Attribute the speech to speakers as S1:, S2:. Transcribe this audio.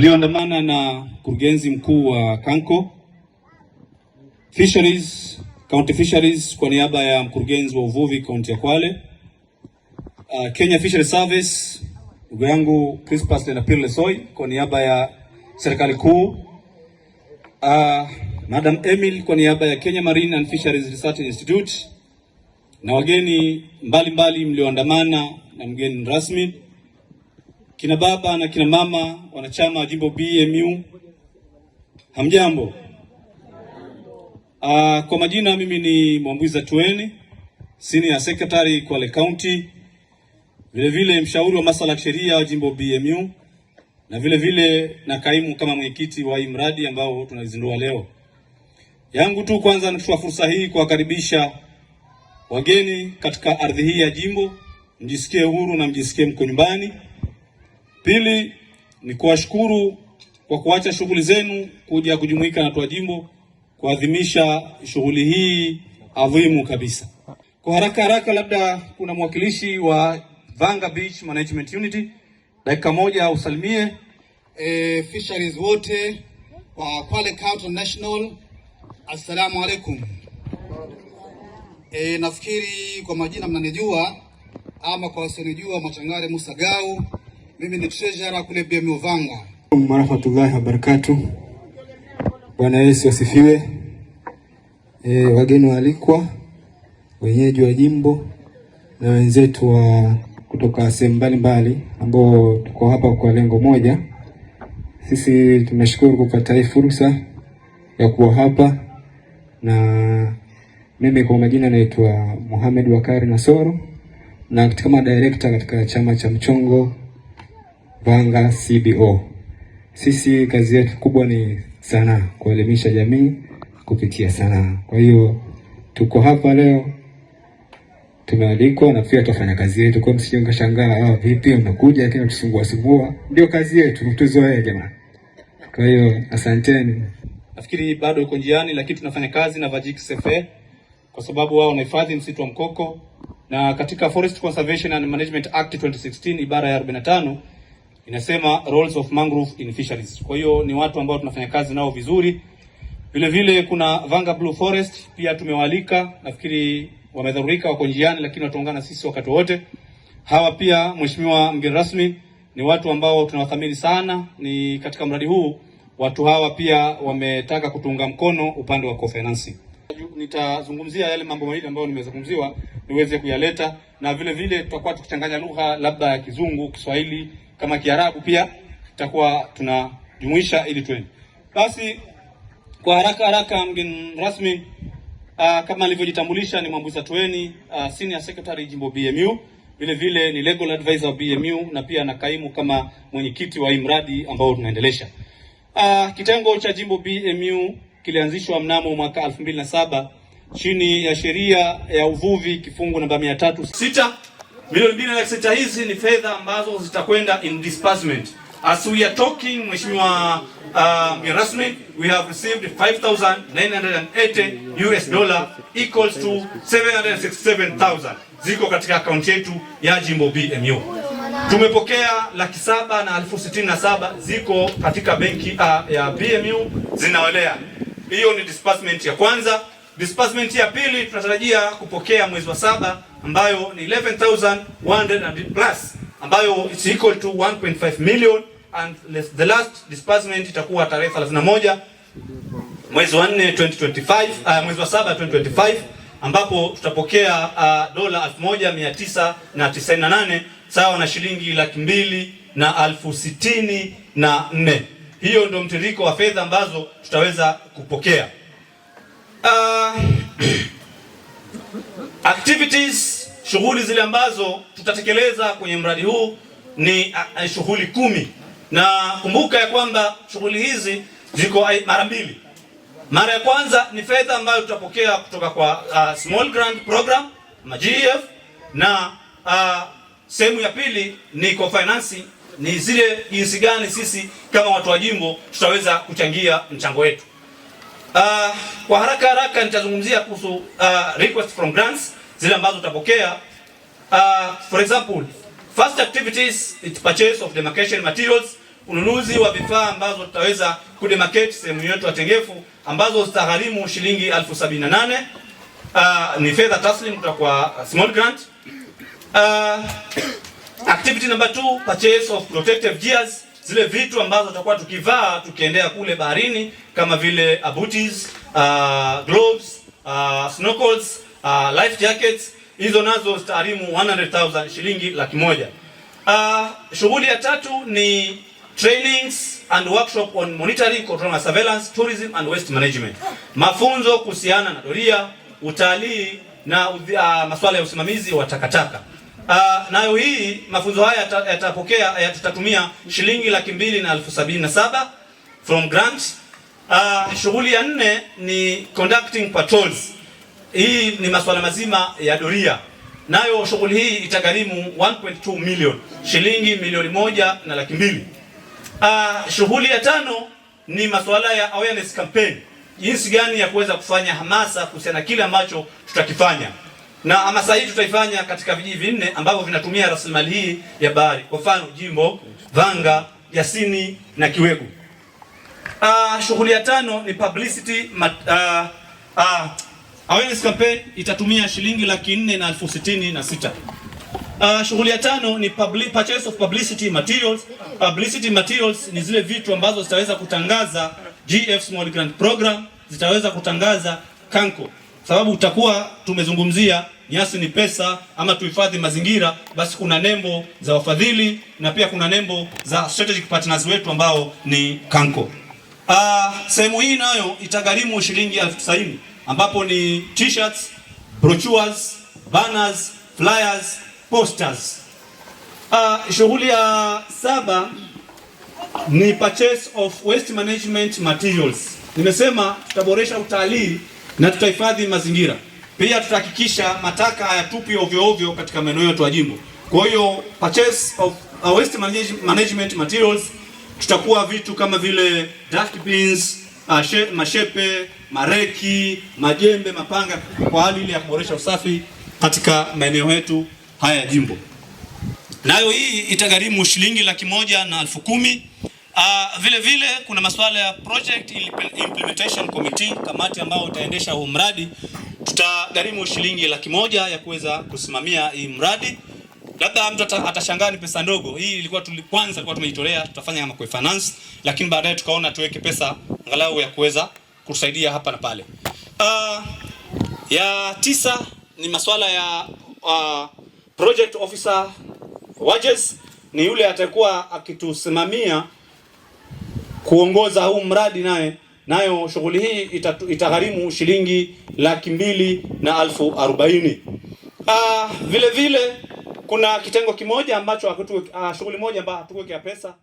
S1: walioandamana na mkurugenzi mkuu wa Kanko Fisheries, County Fisheries kwa niaba ya mkurugenzi wa uvuvi kaunti ya Kwale, uh, Kenya Fisheries Service ndugu yangu Crispas Lenapil Lesoy kwa niaba ya serikali kuu, uh, Madam Emil kwa niaba ya Kenya Marine and Fisheries Research Institute na wageni mbalimbali mlioandamana na mgeni rasmi kina baba na kina mama wanachama wa jimbo BMU, hamjambo. Uh, kwa majina mimi ni Mwambuiza Tueni, senior secretary Kwale County, vile vile mshauri wa masuala ya sheria wa jimbo BMU na vile vile na kaimu kama mwenyekiti wa hii mradi ambao tunazindua leo. Yangu tu kwanza nachukua fursa hii kuwakaribisha wageni katika ardhi hii ya jimbo, mjisikie huru na mjisikie mko nyumbani. Pili ni kuwashukuru kwa kuacha shughuli zenu kuja kujumuika na jimbo kuadhimisha shughuli hii adhimu kabisa. Kwa haraka haraka, labda kuna mwakilishi wa Vanga Beach Management Unity, dakika moja usalimie e, fisheries wote wa Kwale County National. Assalamu alaikum. E, nafikiri kwa majina mnanijua ama kwa wasionijua, Machangare Musa Gau mimi ni treasurer kule Biamiovanga.
S2: Warahmatullahi wabarakatuh. Bwana Yesu asifiwe. E, wageni waalikwa, wenyeji wa jimbo na wenzetu wa kutoka sehemu mbalimbali ambao tuko hapa kwa lengo moja. Sisi tumeshukuru kupata hii fursa ya kuwa hapa, na mimi kwa majina naitwa Mohamed Wakari Nasoro na kama director katika chama cha mchongo Vanga CBO. Sisi kazi yetu kubwa ni sanaa, kuelimisha jamii kupitia sanaa. Kwa hiyo tuko hapa leo tumealikwa na pia tutafanya kazi yetu, kwa msije mkashangaa, ah, vipi mnakuja lakini mtusumbua sumbua. Ndio kazi yetu, tuzoee jamani. Kwa hiyo asanteni.
S3: Nafikiri bado uko njiani, lakini tunafanya kazi na Vajik Sefe kwa sababu wao wanahifadhi msitu wa mkoko na katika Forest Conservation and Management Act 2016 ibara ya 45 inasema roles of mangrove in fisheries. Kwa hiyo ni watu ambao tunafanya kazi nao vizuri. Vile vile kuna Vanga Blue Forest pia tumewaalika, nafikiri wamedharurika, wako njiani, lakini wataungana sisi wakati wote. Hawa pia mheshimiwa mgeni rasmi, ni watu ambao tunawathamini sana, ni katika mradi huu. Watu hawa pia wametaka kutunga mkono upande wa co-financing. Nitazungumzia yale mambo mawili ambayo nimezungumziwa niweze kuyaleta, na vile vile tutakuwa tukichanganya lugha labda ya Kizungu, Kiswahili kama Kiarabu pia tutakuwa tunajumuisha ili tuende. Basi kwa haraka haraka, mgeni rasmi uh, kama alivyojitambulisha ni Mwambuza Tueni uh, ah, senior secretary jimbo BMU, vile vile ni legal advisor wa BMU na pia na kaimu kama mwenyekiti wa mradi ambao tunaendelesha. Uh, kitengo cha jimbo BMU kilianzishwa mnamo mwaka 2007 chini ya sheria ya uvuvi kifungu namba 306
S4: Milioni mbili na laki sita hizi ni fedha ambazo zitakwenda in disbursement. As we are talking, Mheshimiwa uh, rasmi, we have received 5980 US dollar equals to 767,000 ziko katika akaunti yetu ya Jimbo BMU. Tumepokea laki saba na elfu sitini na saba ziko katika benki uh, ya BMU zinaolea. Hiyo ni disbursement ya kwanza. Disbursement ya pili tunatarajia kupokea mwezi wa saba ambayo ni 11100 plus ambayo it's equal to 1.5 million and the last disbursement itakuwa tarehe 31 mwezi wa 4 2025, uh, mwezi wa 7 2025 ambapo tutapokea uh, dola 1998 sawa na shilingi laki mbili na elfu sitini na nne. Hiyo ndio mtiririko wa fedha ambazo tutaweza kupokea uh, Activities, shughuli zile ambazo tutatekeleza kwenye mradi huu ni shughuli kumi, na kumbuka ya kwamba shughuli hizi ziko mara mbili. Mara ya kwanza ni fedha ambayo tutapokea kutoka kwa uh, small grant program MGF, e na uh, sehemu ya pili ni kwa finance, ni zile jinsi gani sisi kama watu wa jimbo tutaweza kuchangia mchango wetu. Uh, kwa haraka haraka nitazungumzia kuhusu uh, request from grants zile ambazo utapokea. Uh, for example, first activities it purchase of demarcation materials, ununuzi wa vifaa ambazo tutaweza kudemarcate sehemu yetu ya tengefu ambazo zitagharimu shilingi elfu sabini na nane. Uh, ni fedha taslim kutoka kwa small grant. Uh, activity number two, purchase of protective gears, zile vitu ambazo tutakuwa tukivaa tukiendea kule baharini kama vile uh, booties, uh, gloves, uh, snorkels, uh, life jackets. Hizo nazo zitaarimu 100,000 shilingi laki moja. Uh, shughuli ya tatu ni trainings and workshop on monitoring, control, and surveillance, tourism and waste management, mafunzo kuhusiana na doria, utalii na uh, masuala ya usimamizi wa takataka. Uh, nayo hii mafunzo haya yatapokea yatatumia shilingi laki mbili na elfu sabini na saba from grant Uh, shughuli ya nne ni conducting patrols. Hii ni masuala mazima ya doria, nayo shughuli hii itagharimu 1.2 million shilingi milioni moja na laki mbili. Uh, shughuli ya tano ni masuala ya awareness campaign, jinsi gani ya kuweza kufanya hamasa kuhusiana na kile ambacho tutakifanya, na hamasa hii tutaifanya katika vijiji vinne ambavyo vinatumia rasilimali hii ya bahari, kwa mfano Jimbo, Vanga, Yasini na Kiwegu. Uh, shughuli ya tano ni publicity mat, uh, uh, awareness campaign itatumia shilingi laki nne na elfu sitini na sita. Uh, shughuli ya tano ni publi, purchase of publicity materials. Publicity materials ni zile vitu ambazo zitaweza kutangaza GF Small Grant Program, zitaweza kutangaza Kanko, sababu utakuwa tumezungumzia nyasi ni pesa ama tuhifadhi mazingira, basi kuna nembo za wafadhili na pia kuna nembo za strategic partners wetu ambao ni Kanko. Uh, sehemu hii nayo itagharimu shilingi elfu tisini ambapo ni t-shirts, brochures, banners, flyers, posters. Uh, shughuli ya saba ni purchase of waste management materials. Nimesema tutaboresha utalii na tutahifadhi mazingira, pia tutahakikisha mataka hayatupi ovyo ovyo katika maeneo yetu ya jimbo. Kwa hiyo purchase of uh, waste management materials tutakuwa vitu kama vile beans, uh, mashepe, mareki, majembe, mapanga kwa ajili ya kuboresha usafi katika maeneo yetu haya ya jimbo. Nayo hii itagharimu shilingi laki moja na elfu kumi. Uh, vile vile kuna masuala ya project implementation committee, kamati ambayo itaendesha huu mradi, tutagharimu shilingi laki moja ya kuweza kusimamia hii mradi. Labda mtu atashangaa ni pesa ndogo. Hii ilikuwa tuli, kwanza kwa tumejitolea tutafanya kama finance, lakini baadaye tukaona tuweke pesa angalau ya kuweza kusaidia hapa na pale. Uh, ya tisa ni masuala ya uh, project officer wages ni yule atakuwa akitusimamia kuongoza huu mradi naye nayo shughuli hii itagharimu shilingi laki mbili na elfu arobaini. Uh, vile vile kuna kitengo kimoja ambacho uh, shughuli moja ambayo hatukuwekea pesa